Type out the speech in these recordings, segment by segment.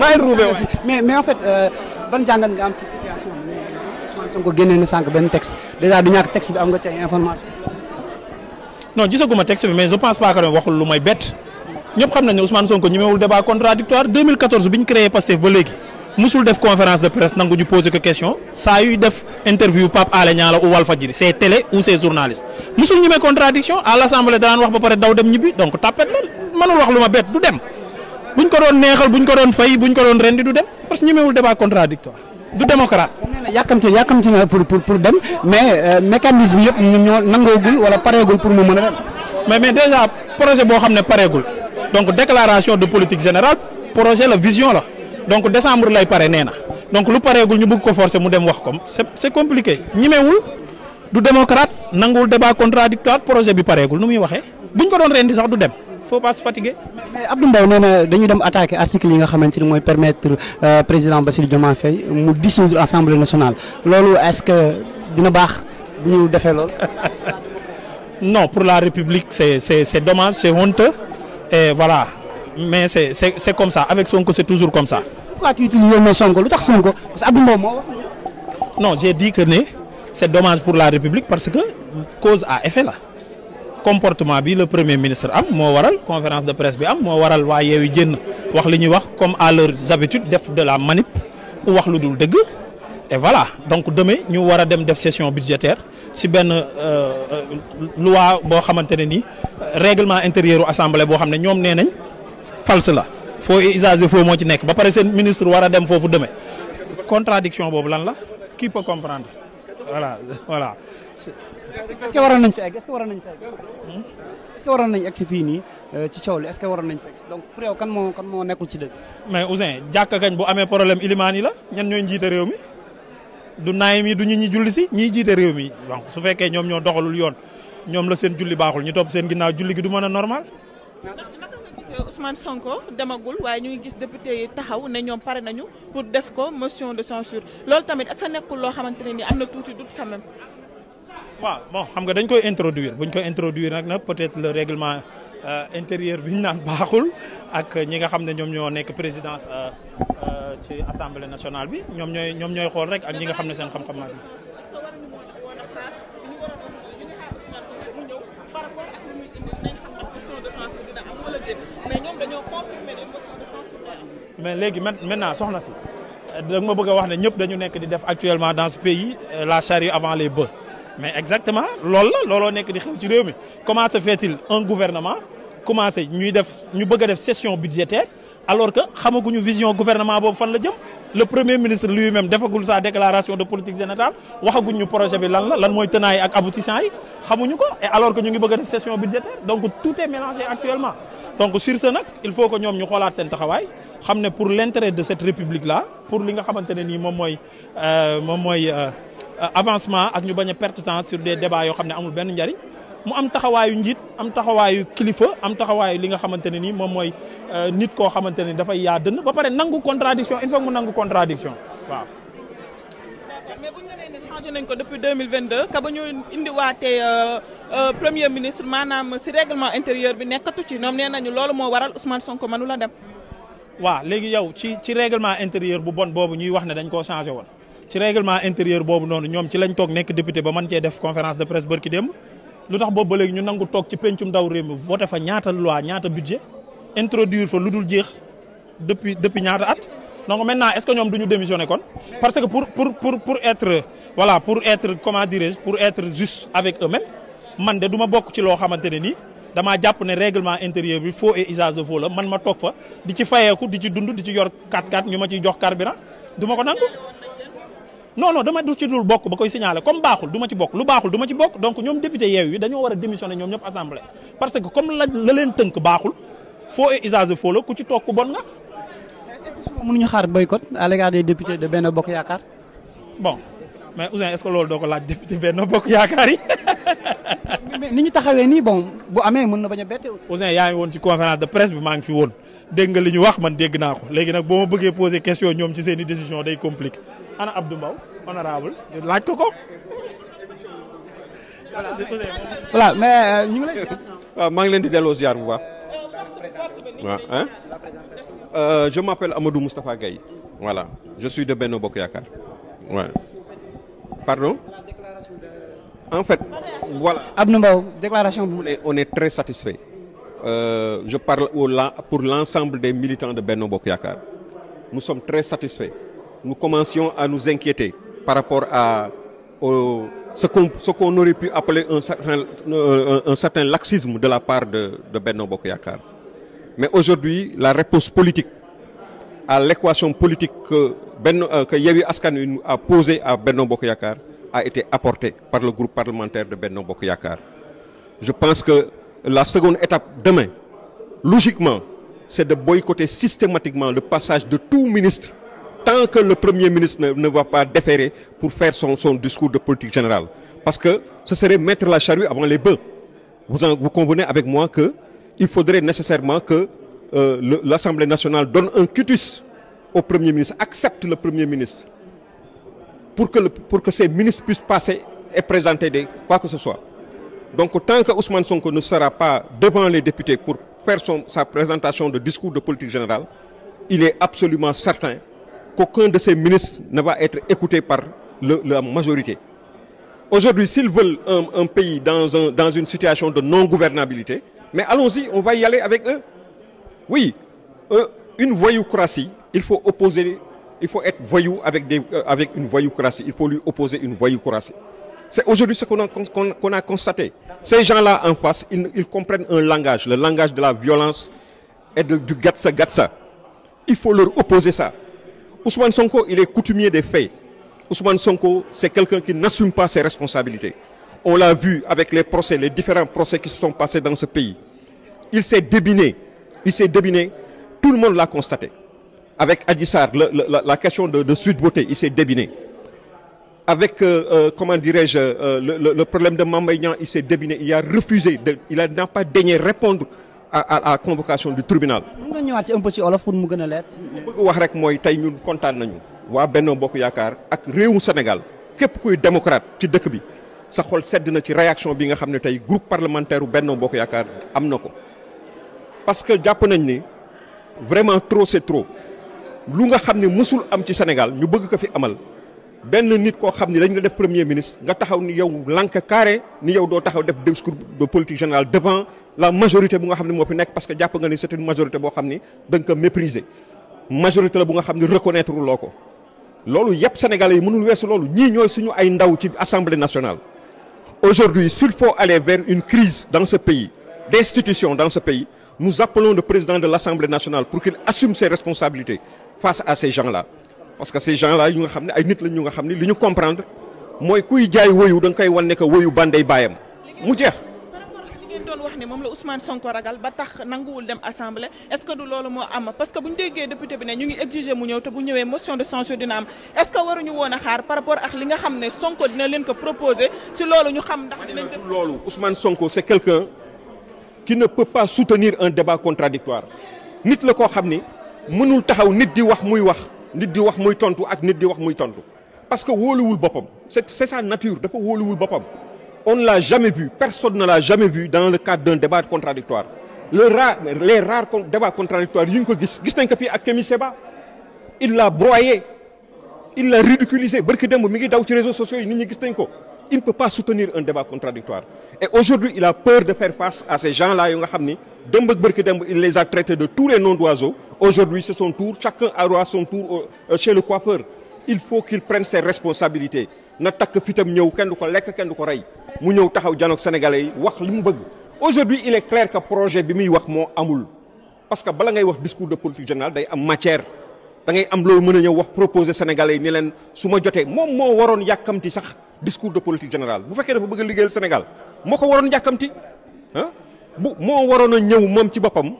bàyyi ruube waay mais mais en fait euh, ban jàngat nga am ci situation bi Ousmane Sonko génnee na sànq benn texte dèjà du ñàkk texte bi am nga ci information. non gisaguma texte bi mais je pense pas que waxul lu may bett ñëpp xam nañ ne Ousmane Sonko ñemewul débat contradictoire 2014 bi ñu créé Pastef ba léegi. musul def conférence de presse nangu ñu poser ko question saa yuy def interview Pape Alé Niang la ou Walfadjri ses télé ou ses journalistes musul ñemee contradiction à l'assemblée daan wax ba pare daw dem ñibbi donc tapet la mënul wax lu ma bett du dem. buñ ko doon neexal bu buñ ko doon fay buñ ko doon rendi du dem parce que ñemewul débat contradictoire du démocrate. yàkkamti yàkkamti na pour pour pour dem mais euh, mécanisme yëpp ñu ñoo wala pareegul pour mu mën a mais mais déjà projet boo xam ne pareegul donc déclaration de politique générale projet la vision la donc décembre lay pare nee na donc lu pareegul ñu bëgg ko forcer mu dem wax ko c'est c'est compliqué ñemewul du démocrate nanguwul débat contradictoire projet bi pareegul nu muy waxee buñ ko doon rendi sax du dem. faut pas se fatiguer. mais Abdou Mbow dañu dem attaque article yi nga xamante ni mooy permettre euh, président Bassirou Diomaye Faye mu dissoudre assemblée nationale loolu est-ce que dina baax bu ñu defee lool no pour la république c'est c'est c'est dommage c'est honteux et voilà mais c'est c'est c'est comme ça avec Sonko toujours comme ça. pourquoi tu utilises le mot Sonko lu tax Sonko parce que Abdou Mbow moo wax. non j'ai dit que ne c'est dommage pour la république parce que cause à effet la comportement bi le premier ministre am moo waral conférence de presse bi am moo waral waa Yewwi génn wax li ñuy wax comme à leurs habitudes def de la manip wax lu dul dëgg et voilà donc deme ñu war a dem def session budgétaire si benn euh, loi boo xamante ne nii règlement intérieur u assemblée boo xam ne ñoom nee nañ false la foo usage foo moo ci nekk ba pare seen ministre war a dem foofu demain contradiction boobu lan la qui peut comprendre voilà voilà. est-ce que waroon nañ fi egg est waroon nañ fi egg hmm? est nañ egg si fii nii euh, ci coow li est-ce que waroon nañ fi donc pour yow kan moo kan moo nekkul ci dëgg. mais Ouzin jàkka kañ bu amee problème ilimaan yi la ñan ñooy njiite réew mi du naay mi du ñi ñi julli si ñiy jiite réew mi donc su fekkee ñoom ñoo doxalul yoon ñoom la seen julli baaxul ñu topp seen ginnaaw julli gi du man a normal. Ousmane Sonko demagul waaye ñu ngi gis député yi taxaw ne ñoom pare nañu pour def ko motion de censure loolu tamit sa nekkul loo xamante ne nii am na tuuti doute quand même. waaw bon xam nga dañ koy introduire buñ koy introduire nag na peut-être le règlement euh, intérieur bi ñu naan baaxul ak ñi nga xam ne ñoom ñoo nekk présidence euh, euh, ci assemblée nationale bi ñoom ñooy ñoom ñooy xool rek ak ñi nga xam ne seen xam-xam naa bi léegi léegi maintenant soxna si da ma bëgg a wax ne ñëpp dañu nekk di def actuellement dans ce pays euh, la charrue avant les bœufs mais exactement lool la looloo nekk di xew ci réew mi comment se il un gouvernement commencé ñuy def ñu bëgg a def session budgétaire alors que xamaguñu vision gouvernement boobu fan la jëm le premier ministre lui-même defagul sa déclaration de politique générale waxaguñ ñu projet bi lan la lan mooy tenants yi ak aboutissants yi xamuñu ko et alors que ñu ngi bëgg a def session budgétaire donc tout est mélangé actuellement donc sur ce nag il faut que ñoom ñu xoolaat seen taxawaay xam ne pour l'intérêt de cette république là pour li nga xamante ne nii moom mooy euh, moom mooy euh, euh, avancement ak ñu bañ a perte temps sur des débats yoo xam ne amul benn njariñ mu am taxawaayu njiit am taxawaayu kilifa am taxawaayu li nga xamante ne ni moom mooy euh, nit koo xamante ne dafay yaa dënn ba pare nangu contradiction in faut mu nangu contradiction waaw. mais bu ñu nee ne changé nañ ko depuis 2022 ka ba ñu indiwaatee euh, euh, premier ministre maanaam si règlement intérieur bi nekkatu ci ñoom nee nañu loolu moo waral Ousmane Sonko mënu la dem. waaw léegi yow ci ci règlement intérieur bu bon boobu ñuy wax ne dañ koo changé woon ci règlement intérieur boobu noonu ñoom ci lañ toog nekk député ba mën cee def conférence de presse lu tax boobu ba léegi ñu nangu toog ci pencum ndaw réew mi voté fa ñaata loi ñaata budget introduire fa lu dul jeex depuis depuis ñaata at donc maintenant est-ce que ñoom duñu démissionner kon parce que pour pour pour pour être voilà pour être comment dirais-je pour être juste avec eux-mêmes man de duma bokk ci loo xamante ne nii damaa jàpp ne réglement intérieur bi faux et usage de faux la man ma toog fa di ci fayeeku di ci dund di ci yor 4-4 ñu ma ciy jox carburant du ma ko nangu non non dama du ci dul bokk ba koy signaler comme baaxul du ma ci bokk lu baaxul du ma ci bokk donc ñoom député yeew yi dañoo war a démissionner ñoom ñëpp assemblée parce que comme la la leen tënk baaxul faux et usage la ku ci toog ku bon nga. mënuñu xaar boycott à l'égard des députés de Benno Bokk Yaakaar. bon mais Ouzin est-ce que loolu doo ko laaj député Benno Bokk Yaakaar yi. ni ñu taxawee nii bon bu amee mën na bañ a bette aussi. Ouzin yaa ngi woon ci conférence de ngi fi woon dégg nga li ñu wax man dégg naa ko léegi nag boo ma bëggee poser question ñoom ci seen i décision ana Abdou Mbow laaj ko mais euh, ñu ngi lay. maa ngi leen di delloo ziar bu baax. waaw euh, je m'appelle Amadou Moustapha Gaye voilà je suis de Benno Bokk Yaakaar voilà. en fait voilà. Abdou Mbow déclaration bu. on est très satisfait. Euh, je parle au, pour l'ensemble des militants de Benno Bokk Yaakaar nous sommes très satisfaits. nous commencions à nous inquiéter par rapport à au, ce qu'on qu aurait pu appeler un certain, un, euh, un certain, laxisme de la part de, de Benno Bokoyakar. Mais aujourd'hui, la réponse politique à l'équation politique que, ben, euh, askan que Yewi Askan a posée à Benno Bokoyakar a été apportée par le groupe parlementaire de Benno Bokoyakar. Je pense que la seconde étape demain, logiquement, c'est de boycotter systématiquement le passage de tout ministre tant que le premier ministre ne, ne va pas déférer pour faire son, son discours de politique générale. Parce que ce serait mettre la charrue avant les bœufs. Vous, en, convenez avec moi que il faudrait nécessairement que euh, l'Assemblée nationale donne un cutus au Premier ministre, accepte le Premier ministre, pour que, le, pour que ces ministres puissent passer et présenter des, quoi que ce soit. Donc tant que Ousmane Sonko ne sera pas devant les députés pour faire son, sa présentation de discours de politique générale, il est absolument qu'aucun de ces ministres ne va être écouté par le, la majorité. Aujourd'hui, s'ils veulent un, un pays dans, un, dans une situation de non-gouvernabilité, mais allons-y, on va y aller avec eux. Oui, euh, une voyoucratie, il faut opposer, il faut être voyou avec, des, euh, avec une voyoucratie, il faut lui opposer une voyoucratie. C'est aujourd'hui ce qu'on a, qu constaté. Ces gens-là en face, ils, ils, comprennent un langage, le langage de la violence et de, du gatsa gatsa. Il faut leur opposer ça. Ousmane Sonko, il est coutumier des faits. Ousmane Sonko, c'est quelqu'un qui n'assume pas ses responsabilités. On l'a vu avec les procès, les différents procès qui se sont passés dans ce pays. Il s'est débiné. Il s'est débiné. Tout le monde l'a constaté. Avec Adissar, la, la, question de, de Sud Beauté, il s'est débiné. Avec, euh, euh, comment dirais-je, euh, le, le, le, problème de Mambayan, il s'est débiné. Il a refusé, de, il n'a pas daigné répondre à a convocation du tribunal. mën nga ñëwaat ci un olof pour mu gën a leer. bëgg wax rek mooy tey ñun kontaan nañu. waa Benno Bokk Yaakaar ak réewu Sénégal képp kuy démocrate ci dëkk bi sa xol sedd na ci réaction bi nga xam ne tey groupe parlementaire Benno Bokk Yaakaar am na ko. parce que jàpp nañ ni vraiment trop c'est trop lu nga xam ne mësul am ci Sénégal ñu bëgg ko fi amal. benn nit koo xam ni dañu la def premier ministre nga taxaw ni yow lank carré ni yow doo taxaw def discours de politique générale devant la majorité bu nga xam ne moo fi nekk parce que jàpp nga ni c'est une majorité boo xam ni da nga ko mépriser majorité la bu nga xam ni reconnaître loo ko loolu yëpp sénégalais yi mënul weesu loolu ñii ñooy suñu ay ndaw ci assemblée nationale aujourd'hui s'il faut aller vers une crise dans ce pays d'institution dans sa pays nous appelons le président de l'assemblée pour qu'il assume ses responsabilités face à ces gens parce que ces gens-là yu nga xam ne ay nit lañ ñu nga xam ne li ñu comprendre mooy kuy jaay woyu da nga koy wan ne que woyu banday baayam mu jeex. doon wax ne moom la Ousmane Sonko ragal ba tax nanguwul dem assemblée est-ce que du loolu moo am parce que bu ñu déggee député bi ne ñu ngi exiger mu ñëw te bu ñëwee motion de censure dina am est-ce que waruñu woon a xaar par rapport ak li nga xam ne Sonko dina leen ko proposer si loolu ñu xam ndax dinañ dem loolu Ousmane Sonko c'est quelqu'un qui ne peut pas soutenir un débat contradictoire nit la koo xam ni mënul taxaw nit di wax muy wax nit di wax muy tontu ak nit di wax muy tontu parce que wóoluwul boppam c'est c'est sa nature dafa wóoluwul boppam on l'a jamais vu personne ne l'a jamais vu dans le cadre d'un débat contradictoire le rare les rares débats contradictoires yu ñu ko gis gis nañ ko fii ak Kémi Séba il l'a broyé il l'a ridiculisé barki démb mi ngi daw ci réseaux sociaux yi nit ñi gis nañ ko il ne peut pas soutenir un débat contradictoire et aujourd'hui il a peur de faire face à ces gens-là yu nga xam ni démb ak bërki démb il les a traités de tous les noms d'oiseaux aujourd'hui c'est son tour chacun aura son tour euh, chez le coiffeur il faut qu'il prenne ses responsabilités na takk fitam ñëw kenn du ko lekk kenn du ko rey mu ñëw taxaw janoog sénégalais yi wax li mu bëgg aujourd'hui il est clair que projet bi muy wax moo amul parce que bala ngay wax discours de politique générale day am matière dangay am loolu mën a ñëw wax proposer Sénégalais yi ni leen su ma jotee moom moo waroon yàkkamti sax discours de politique générale bu fekkee dafa bëgg a liggéeyal Sénégal moo ko waroon yàkkamti ah bu moo waroon a ñëw moom ci boppam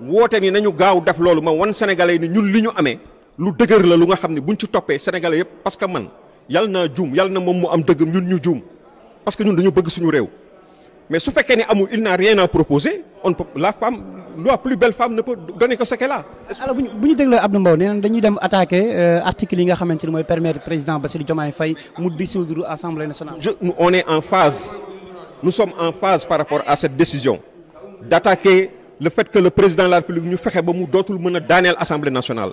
woote ni nañu gaaw def loolu ma wan Sénégalais yi ni ñun li ñu amee lu dëgër la lu nga xam ne buñ ci toppee Sénégalais yëpp parce que man yal naa juum yal na moom mu am dëggam ñun ñu juum parce que ñun dañu bëgg suñu réew. mais su fekkee ne amul il n'a rien à proposer on peut la femme la plus belle femme ne peut donner que ce qu'elle bu ñu bu ñu dégloo Abdou dañuy dem attaque euh, article yi nga xamante ne mooy permettre président Bassirou Diomaye Faye mu dissoudre assemblée nationale. je on est en phase nous sommes en phase par rapport à cette décision d'attaquer le fait que le président de la République ñu fexe ba mu dootul mën a daaneel assemblée nationale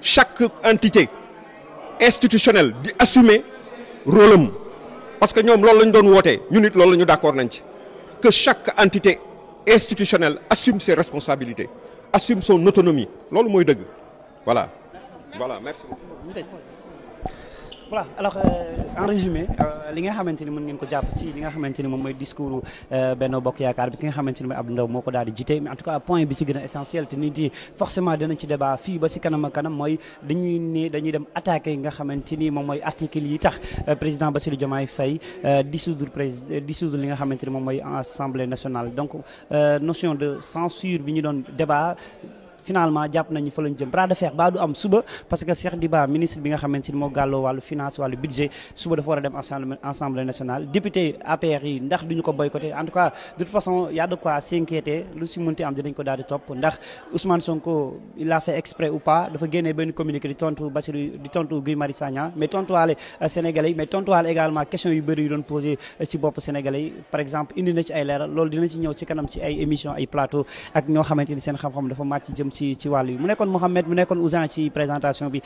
chaque entité institutionnelle di assumer rôle am parce que ñoom la ñu doon wootee ñun it loolu la ñu d'accord nañ ci. que chaque entité institutionnelle assume ses responsabilités assume son autonomie loolu mooy dëgg voilà. voilà merci beaucoup. voilà alors euh, en résumé euh, li nga xamante ni mën ngeen ko jàpp ci li nga xamante moom mooy discours euh, Benno Bokk Yaakaar bi ki nga xamante ni mooy Abdou Ndaw moo ko daal di jiite mais en tout cas point bi si gën a essentiel te nit yi forcément danañ ci débat fii ba si kanam kanam mooy dañuy ne dañuy dem attaqué nga xamante ni moom mooy article yi tax président Bassirou Diomaye Faye dissoudre président dissoudre li nga xamante ni moom mooy assemblée nationale donc notion de censure bi ñu doon débat finalement jàpp nañu fa lañ jëm bras de baa du am suba parce que Cheikh Diba ministre bi nga xamante ni moo gàlloo wàllu finance wàllu budget suba dafa war a dem ensemble assemblée nationale député APR yi ndax duñu ko boycotté en tout cas de toute façon y a de quoi s'inquiéter lu si mënti am dinañ ko daal di topp ndax Ousmane Sonko il a fait exprès ou pas dafa génnee benn communiqué di tontu Bassirou di tontu Guy Marius Sagna mais tontuwaale na ci ay leeral loolu dina ci ñëw seen xam-xam dafa ci ci wàll yi mu nekkoon Mouhamed mu nekkoon Ousin ci présentation bi